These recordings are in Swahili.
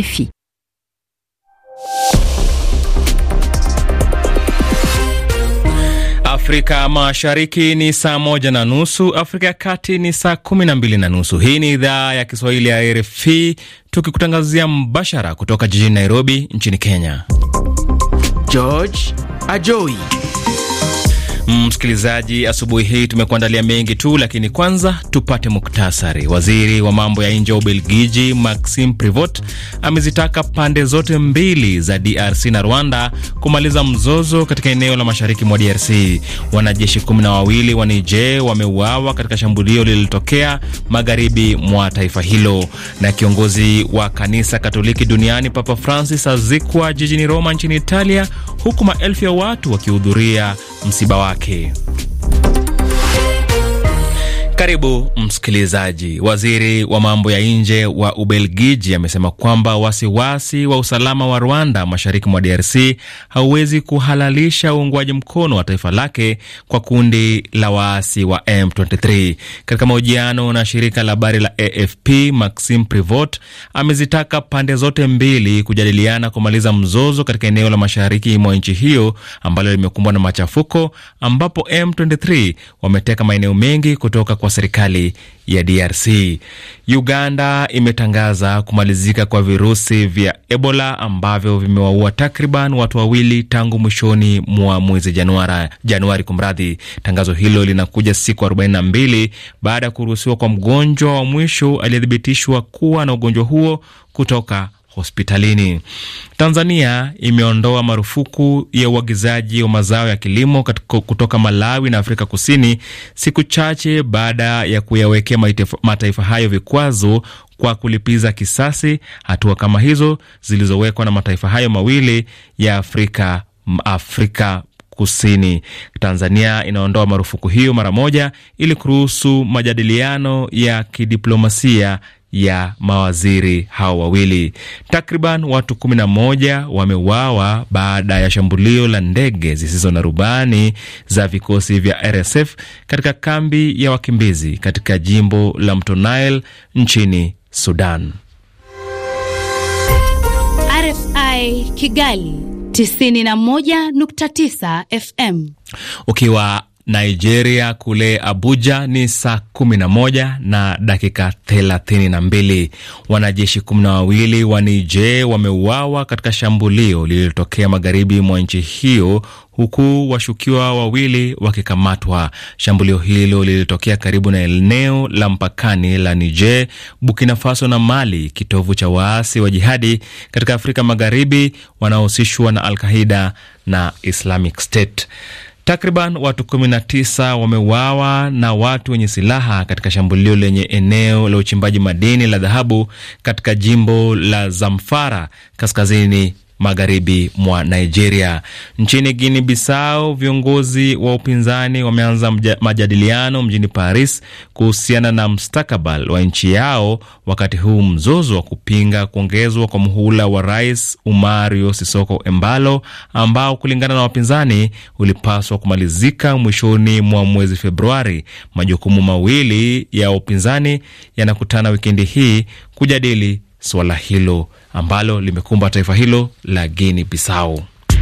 RFI. Afrika Mashariki ni saa moja na nusu, Afrika ya Kati ni saa kumi na mbili na nusu. Hii ni idhaa ya Kiswahili ya RFI tukikutangazia mbashara kutoka jijini Nairobi nchini Kenya. George Ajoi Mm, msikilizaji, asubuhi hii tumekuandalia mengi tu, lakini kwanza tupate muktasari. Waziri wa mambo ya nje wa Ubelgiji maxim Prevot amezitaka pande zote mbili za DRC na Rwanda kumaliza mzozo katika eneo la mashariki mwa DRC. Wanajeshi kumi na wawili wa Niger wameuawa katika shambulio lililotokea magharibi mwa taifa hilo. Na kiongozi wa kanisa Katoliki duniani Papa Francis azikwa jijini Roma nchini Italia, huku maelfu ya watu wakihudhuria msiba wake. Ake. Karibu msikilizaji. Waziri wa mambo ya nje wa Ubelgiji amesema kwamba wasiwasi wa usalama wa Rwanda mashariki mwa DRC hauwezi kuhalalisha uungwaji mkono wa taifa lake kwa kundi la waasi wa M23. Katika mahojiano na shirika la habari la AFP, Maxime Prevot amezitaka pande zote mbili kujadiliana kumaliza mzozo katika eneo la mashariki mwa nchi hiyo ambalo limekumbwa na machafuko, ambapo M23 wameteka maeneo mengi kutoka kwa serikali ya DRC. Uganda imetangaza kumalizika kwa virusi vya Ebola ambavyo vimewaua takriban watu wawili tangu mwishoni mwa mwezi Januari, Januari kumradhi. Tangazo hilo linakuja siku 42 baada ya kuruhusiwa kwa mgonjwa wa mwisho aliyethibitishwa kuwa na ugonjwa huo kutoka hospitalini. Tanzania imeondoa marufuku ya uagizaji wa mazao ya kilimo kutoka Malawi na Afrika Kusini siku chache baada ya kuyawekea mataifa hayo vikwazo kwa kulipiza kisasi, hatua kama hizo zilizowekwa na mataifa hayo mawili ya Afrika Afrika Kusini. Tanzania inaondoa marufuku hiyo mara moja ili kuruhusu majadiliano ya kidiplomasia ya mawaziri hao wawili. Takriban watu kumi na moja wameuawa baada ya shambulio la ndege zisizo na rubani za vikosi vya RSF katika kambi ya wakimbizi katika jimbo la Mto Nile nchini Sudan. RFI Kigali 91.9 FM. Ukiwa Nigeria kule Abuja ni saa kumi na moja na dakika thelathini na mbili. Wanajeshi kumi na wawili wa Niger wameuawa katika shambulio lililotokea magharibi mwa nchi hiyo huku washukiwa wawili wakikamatwa. Shambulio hilo lilitokea karibu na eneo la mpakani la Niger, Burkina Faso na Mali, kitovu cha waasi wa jihadi katika Afrika Magharibi wanaohusishwa na Al Qaida na Islamic State. Takriban watu 19 wameuawa na watu wenye silaha katika shambulio lenye eneo la uchimbaji madini la dhahabu katika jimbo la Zamfara kaskazini magharibi mwa Nigeria. Nchini Guinea Bissau, viongozi wa upinzani wameanza majadiliano mjini Paris kuhusiana na mstakabal wa nchi yao, wakati huu mzozo wa kupinga kuongezwa kwa muhula wa rais umar Sisoko Embalo, ambao kulingana na wapinzani ulipaswa kumalizika mwishoni mwa mwezi Februari. Majukumu mawili ya upinzani yanakutana wikendi hii kujadili suala hilo ambalo limekumba taifa hilo la Guinea Bissau.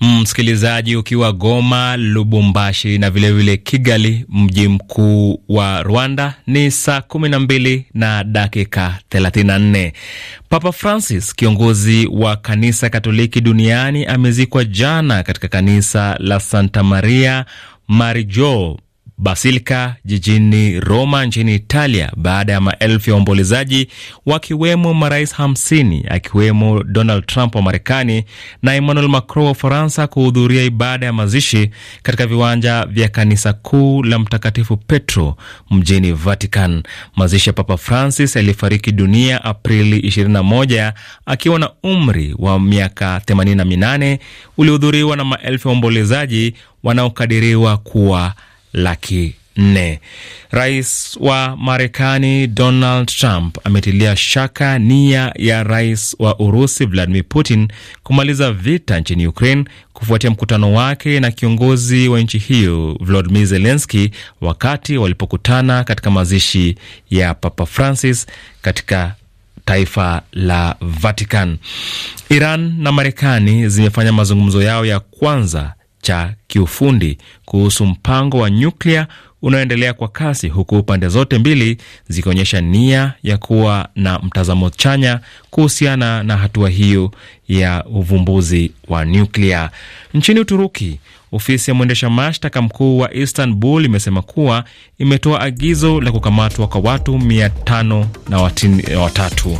Mm, msikilizaji ukiwa Goma, Lubumbashi na vilevile vile Kigali, mji mkuu wa Rwanda, ni saa kumi na mbili na dakika thelathini na nne. Papa Francis, kiongozi wa kanisa Katoliki duniani, amezikwa jana katika kanisa la Santa Maria Marijoo Basilika jijini Roma nchini Italia baada ya maelfu ya waombolezaji wakiwemo marais hamsini akiwemo Donald Trump wa Marekani na Emmanuel Macron wa Ufaransa kuhudhuria ibada ya mazishi katika viwanja vya kanisa kuu la Mtakatifu Petro mjini Vatican. Mazishi ya Papa Francis aliyefariki dunia Aprili 21 akiwa na umri wa miaka 88 uliohudhuriwa na maelfu ya waombolezaji wanaokadiriwa kuwa laki nne. Rais wa Marekani Donald Trump ametilia shaka nia ya rais wa Urusi Vladimir Putin kumaliza vita nchini Ukraine kufuatia mkutano wake na kiongozi wa nchi hiyo Volodymyr Zelensky wakati walipokutana katika mazishi ya Papa Francis katika taifa la Vatican. Iran na Marekani zimefanya mazungumzo yao ya kwanza cha kiufundi kuhusu mpango wa nyuklia unaoendelea kwa kasi, huku pande zote mbili zikionyesha nia ya kuwa na mtazamo chanya kuhusiana na hatua hiyo ya uvumbuzi wa nyuklia. Nchini Uturuki, ofisi ya mwendesha mashtaka mkuu wa Istanbul imesema kuwa imetoa agizo la kukamatwa kwa watu 5 na watatu.